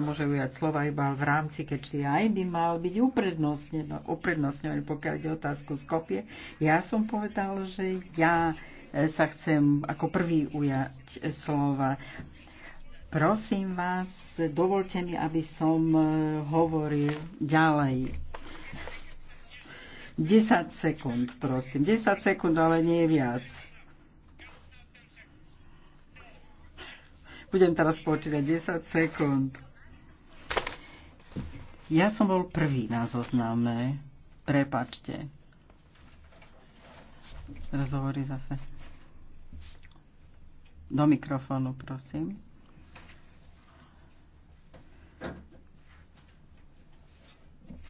môže ujať slova iba v rámci, keď aj by mal byť uprednostňovaný, pokiaľ ide otázku z kopie. Ja som povedal, že ja e, sa chcem ako prvý ujať slova. Prosím vás, dovolte mi, aby som e, hovoril ďalej. 10 sekúnd, prosím. 10 sekúnd, ale nie viac. Budem teraz počítať 10 sekúnd. Ja som bol prvý na zozname. Prepačte. Rozhovory zase. Do mikrofónu, prosím.